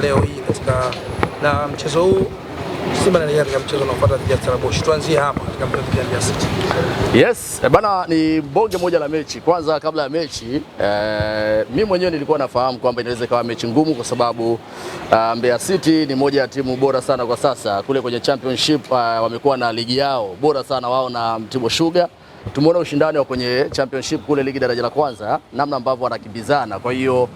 leo hii katika na mchezo huu Simba na Yanga, mchezo unaofuata dhidi ya Stellenbosch. Tuanzie hapa katika mchezo wa City. Yes, eh, bana ni bonge moja la mechi. Kwanza kabla ya mechi eh, mimi mwenyewe nilikuwa nafahamu kwamba inaweza ikawa mechi ngumu kwa sababu uh, Mbeya City ni moja ya timu bora sana kwa sasa kule kwenye championship uh, wamekuwa na ligi yao bora sana wao na Mtibwa Sugar. Tumeona ushindani wa kwenye championship kule ligi daraja la kwanza namna ambavyo wanakimbizana. Kwa hiyo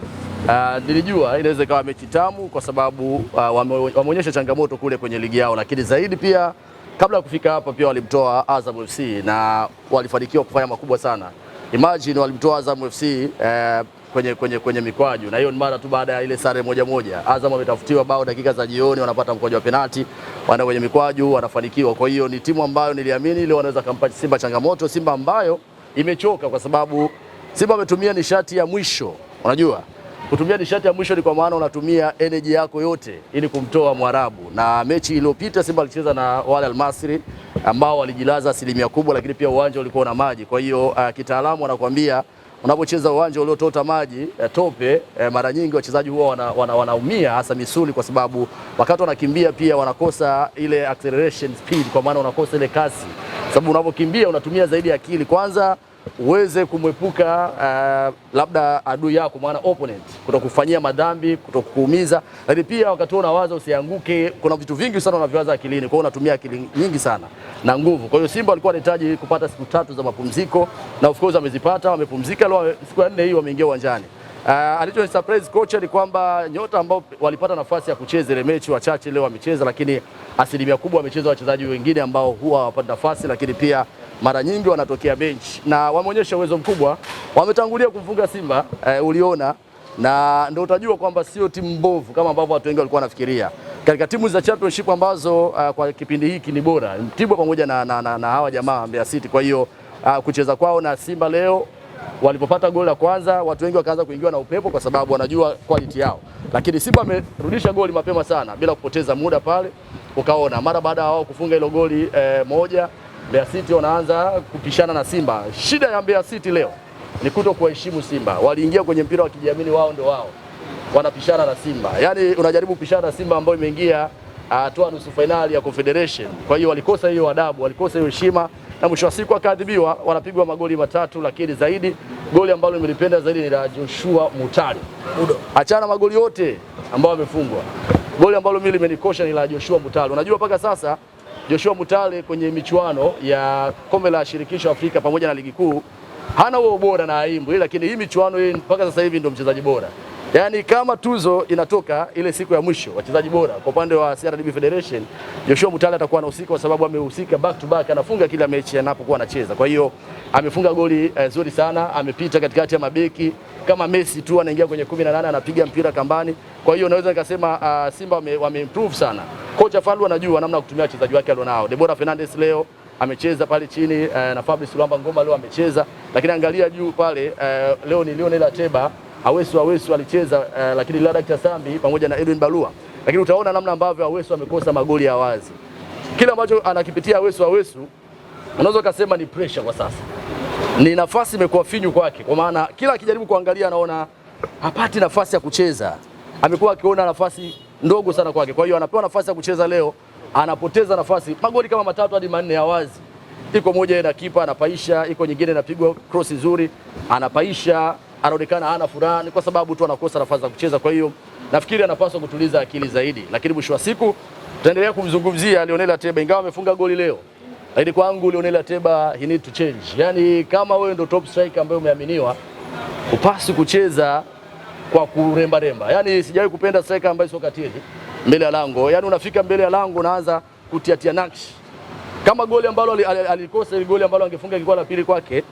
Ah, nilijua inaweza ikawa mechi tamu kwa sababu uh, wameonyesha changamoto kule kwenye ligi yao, lakini zaidi pia kabla ya kufika hapa pia walimtoa Azam FC na walifanikiwa kufanya makubwa sana. Imagine walimtoa Azam FC uh, eh, kwenye, kwenye, kwenye mikwaju na hiyo ni mara tu baada ya ile sare moja moja. Azam wametafutiwa bao dakika za jioni, wanapata mkwaju wa penalti, wanaenda kwenye mikwaju wanafanikiwa. Kwa hiyo ni timu ambayo niliamini ile wanaweza kampa Simba changamoto, Simba ambayo imechoka kwa sababu Simba ametumia nishati ya mwisho, unajua Kutumia nishati ya mwisho ni kwa maana unatumia energy yako yote ili kumtoa Mwarabu, na mechi iliyopita Simba alicheza na wale Almasri ambao walijilaza asilimia kubwa, lakini pia uwanja ulikuwa na maji. Kwa hiyo uh, kitaalamu anakuambia unapocheza uwanja uliotota maji eh, tope eh, mara nyingi wachezaji huwa wanaumia wana, wana hasa misuli, kwa sababu wakati wanakimbia pia wanakosa ile acceleration speed, kwa maana unakosa ile kasi, sababu unapokimbia unatumia zaidi akili kwanza uweze kumwepuka uh, labda adui yako maana opponent kutokufanyia madhambi, kutokuumiza, lakini pia wakati una wazo usianguke. Kuna vitu vingi sana unavyowaza akilini, kwa hiyo unatumia akili nyingi sana na nguvu. Kwa hiyo Simba alikuwa anahitaji kupata siku tatu za mapumziko na of course amezipata, wamepumzika leo. Siku ya nne hii wameingia uwanjani. Uh, alicho surprise kocha ni kwamba nyota ambao walipata nafasi ya kucheza ile mechi wachache leo wamecheza, lakini asilimia kubwa wamecheza wachezaji wengine ambao huwa hawapata nafasi, lakini pia mara nyingi wanatokea bench na wameonyesha uwezo mkubwa, wametangulia kumfunga Simba e, uliona na ndio utajua kwamba sio timu mbovu kama ambavyo watu wengi walikuwa wanafikiria. Katika timu za championship ambazo uh, kwa kipindi hiki ni bora Mtibwa pamoja na, na, na, na hawa jamaa Mbeya City. Kwa hiyo uh, kucheza kwao na Simba leo walipopata goli la kwanza watu wengi wakaanza kuingiwa na upepo, kwa sababu wanajua quality yao, lakini Simba amerudisha goli mapema sana bila kupoteza muda pale, ukaona mara baada ya wao kufunga hilo goli eh, moja Mbeya City wanaanza kupishana na Simba. Shida ya Mbeya City leo ni kuto kuwaheshimu Simba. Waliingia kwenye mpira wakijiamini wao ndio wao, wanapishana na Simba. Yaani unajaribu kupishana na Simba ambayo imeingia ah, hatua nusu fainali ya Confederation. Kwa hiyo walikosa hiyo adabu, walikosa hiyo heshima na mwisho wa siku wakaadhibiwa, wanapigwa magoli matatu, lakini zaidi goli ambalo nimelipenda zaidi ni la Joshua Mutale. Achana magoli yote ambayo amefungwa, goli ambalo mimi limenikosha ni la Joshua Mutale. Unajua mpaka sasa Joshua Mutale kwenye michuano ya kombe la shirikisho Afrika pamoja na ligi kuu hana huo ubora na aibu, lakini hii michuano hii mpaka sasa hivi ndio mchezaji bora. Yaani kama tuzo inatoka ile siku ya mwisho wachezaji bora kwa upande wa CRDB Federation, Joshua Mutale atakuwa anahusika kwa sababu amehusika back to back, anafunga kila mechi anapokuwa anacheza. Kwa hiyo amefunga goli eh, zuri sana, amepita katikati ya mabeki kama Messi tu anaingia kwenye 18 anapiga mpira kambani. Kwa hiyo naweza nikasema uh, Simba wame, wame improve sana. Kocha Fallu anajua namna kutumia wachezaji wake alionao. Debora Fernandez leo amecheza pale chini eh, na Fabrice Luamba Ngoma leo amecheza, lakini angalia juu pale eh, leo ni Lionel Ateba Awesu Awesu alicheza uh, lakini Ladakta Sambi pamoja na Edwin Barua, lakini utaona namna ambavyo Awesu amekosa magoli ya wazi. Kile ambacho anakipitia Awesu Awesu unaweza ukasema ni pressure kwa sasa, ni nafasi imekuwa finyu kwake, kwa maana kila akijaribu kuangalia anaona hapati nafasi ya kucheza, amekuwa akiona nafasi ndogo sana kwake. Kwa hiyo anapewa nafasi ya kucheza leo anapoteza nafasi, magoli kama matatu hadi manne ya wazi. Iko moja na kipa anapaisha, iko nyingine inapigwa cross nzuri anapaisha anaonekana hana furaha, ni kwa sababu tu anakosa nafasi za kucheza. Kwa hiyo nafikiri anapaswa kutuliza akili zaidi, lakini mwisho wa siku tutaendelea kumzungumzia Lionel Ateba, ingawa amefunga goli leo, lakini kwangu Lionel Ateba he need to change. Yani kama wewe ndio top striker ambaye umeaminiwa, upasi kucheza kwa kuremba remba. Yani sijawahi kupenda striker ambaye sio katili mbele ya lango, yani unafika mbele ya lango unaanza kutiatia nakshi kama goli ambalo alikosa, ile goli ambalo angefunga ilikuwa la pili kwake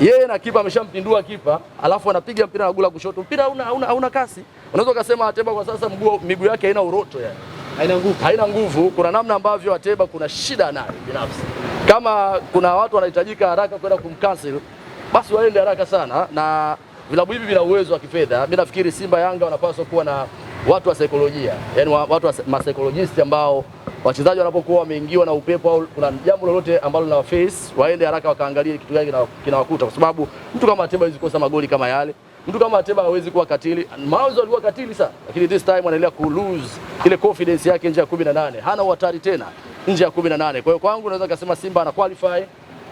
yeye na kipa ameshampindua kipa, alafu anapiga mpira na gula kushoto. Mpira hauna hauna, hauna kasi. Unaweza ukasema Ateba kwa sasa mguu miguu yake haina uroto yani. Haina nguvu. Haina nguvu. Kuna namna ambavyo Ateba kuna shida naye binafsi. Kama kuna watu wanahitajika haraka kwenda kumcancel, basi waende haraka sana na vilabu hivi vina uwezo wa kifedha. Mimi nafikiri Simba Yanga wanapaswa kuwa na watu wa saikolojia, yani watu wa masaikolojisti ambao wachezaji wanapokuwa wameingiwa na upepo au kuna jambo lolote ambalo lina face, waende haraka wakaangalie kitu gani kinawakuta, kwa sababu mtu kama Ateba hawezi kukosa magoli kama yale. Mtu kama Ateba hawezi kuwa katili. Mwanzo alikuwa katili sana, lakini this time anaendelea ku lose ile confidence yake nje ya 18. Hana uhatari tena nje ya 18. Kwa hiyo kwangu naweza kusema Simba ana qualify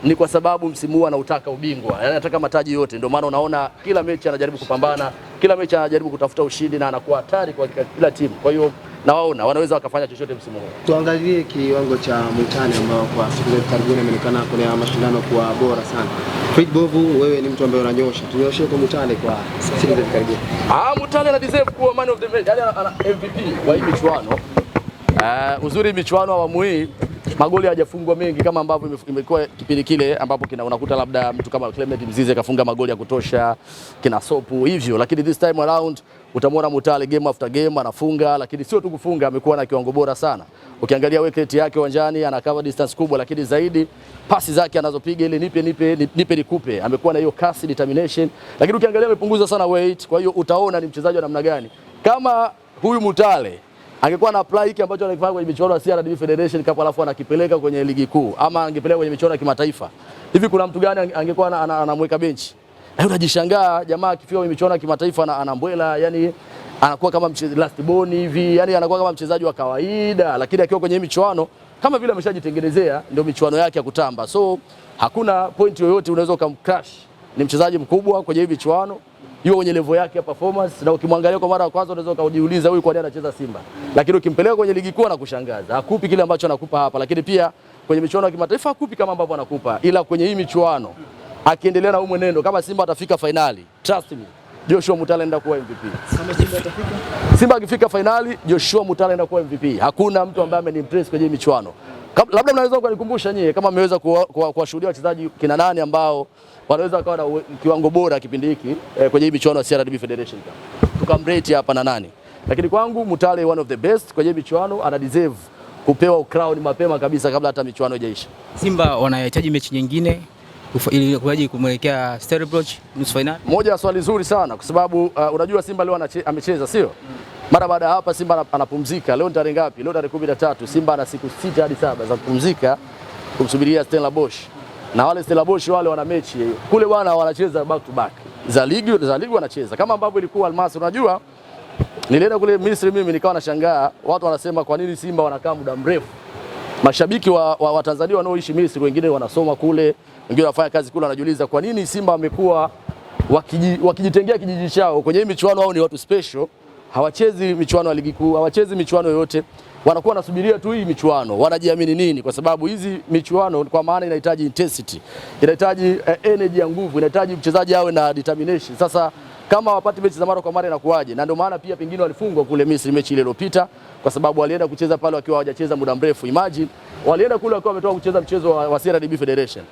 ni kwa sababu msimu huu anautaka ubingwa, yani anataka mataji yote, ndio maana unaona kila mechi anajaribu kupambana kila mechi anajaribu kutafuta ushindi na anakuwa hatari kwa kila timu. Kwa hiyo nawaona wanaweza wakafanya chochote msimu huu. Tuangalie kiwango cha mutale ambao kwa siku za karibuni ameonekana kwenye mashindano kuwa bora sana. Fred Bovu, wewe ni mtu ambaye unanyosha, tunyoshe kwa Mwitani kwa siku za karibuni. Ah, Mwitani ana deserve kuwa man of the match, yani MVP wa hii michuano. Uh, uzuri michuano awamu hii magoli hayajafungwa mengi kama ambavyo imekuwa kipindi kile ambapo kina unakuta labda mtu kama Clement Mzize kafunga magoli ya kutosha kina Sopu hivyo, lakini this time around utamwona Mutale game after game anafunga, lakini sio tu kufunga, amekuwa na kiwango bora sana. Ukiangalia work rate yake uwanjani, ana cover distance kubwa, lakini zaidi pasi zake anazopiga ile nipe nipe nipe nikupe, amekuwa na hiyo kasi, determination, lakini ukiangalia amepunguza sana weight. Kwa hiyo utaona ni mchezaji wa namna gani kama huyu Mutale angekuwa na apply hiki ambacho anakifanya kwenye michuano ya CRDB Federation Cup alafu anakipeleka kwenye ligi kuu ama angepeleka kwenye michuano ya kimataifa, hivi kuna mtu gani angekuwa anamweka benchi? Yaani na unajishangaa jamaa akifika kwenye michuano ya kimataifa anambwela, yani anakuwa kama last born hivi, yani anakuwa kama mchezaji wa kawaida, lakini akiwa kwenye michuano kama vile ameshajitengenezea ndio michuano yake ya kutamba. So hakuna point yoyote unaweza ukamcrash. Ni mchezaji mkubwa kwenye hii michuano yuko kwenye level yake ya performance, na ukimwangalia kwa mara ya kwanza unaweza ukajiuliza huyu kwa nini anacheza Simba, lakini ukimpeleka kwenye ligi kuu anakushangaza, hakupi kile ambacho anakupa hapa, lakini pia kwenye michuano ya kimataifa hakupi kama ambavyo anakupa, ila kwenye hii michuano akiendelea na huu mwenendo, kama Simba atafika fainali, trust me Joshua Mutale anaenda kuwa MVP. Simba akifika fainali, Joshua Mutale anaenda kuwa MVP. Hakuna mtu ambaye amenimpress kwenye michuano labda mnaweza kunikumbusha nyie kama mmeweza kuwashuhudia wachezaji kina nani ambao wanaweza kuwa na kiwango bora kipindi hiki eh, kwenye hii michuano ya CRDB Federation Cup. Tukamrate hapa na nani? Lakini kwangu Mutale one of the best kwenye michuano ana deserve kupewa crown mapema kabisa kabla hata michuano haijaisha. Simba wanahitaji mechi nyingine ili kuaje kumwelekea Stellenbosch nusu finali. Moja ya swali zuri sana kwa sababu uh, unajua Simba leo amecheza sio? Mm. Mara baada ya hapa Simba anapumzika. Leo tarehe ngapi? Leo tarehe 13. Simba ana siku sita hadi saba za kupumzika kumsubiria Stella Bosch, na wale Stella Bosch wale wana mechi kule bwana, wanacheza back to back za ligi, za ligi wanacheza kama ambavyo ilikuwa Almasi. Unajua, nilienda kule Misri mimi nikawa nashangaa watu wanasema kwa nini Simba wanakaa muda mrefu. Mashabiki wa, wa, wa Tanzania wanaoishi Misri, wengine wanasoma kule, wengine wanafanya kazi kule, wanajiuliza kwa nini Simba wamekuwa wakijitengea kijiji chao kwenye michuano, au ni watu special hawachezi michuano ya ligi kuu, hawachezi michuano yoyote, wanakuwa wanasubiria tu hii michuano. Wanajiamini nini? Kwa sababu hizi michuano kwa maana inahitaji intensity, inahitaji eh, energy ya nguvu, inahitaji mchezaji awe na determination. Sasa kama wapati mechi za mara kwa mara inakuwaje? Na ndio maana pia pengine walifungwa kule Misri mechi ile iliyopita, kwa sababu walienda kucheza pale wakiwa hawajacheza muda mrefu. Imagine walienda kule wakiwa wametoka kucheza mchezo wa Sierra Leone Federation.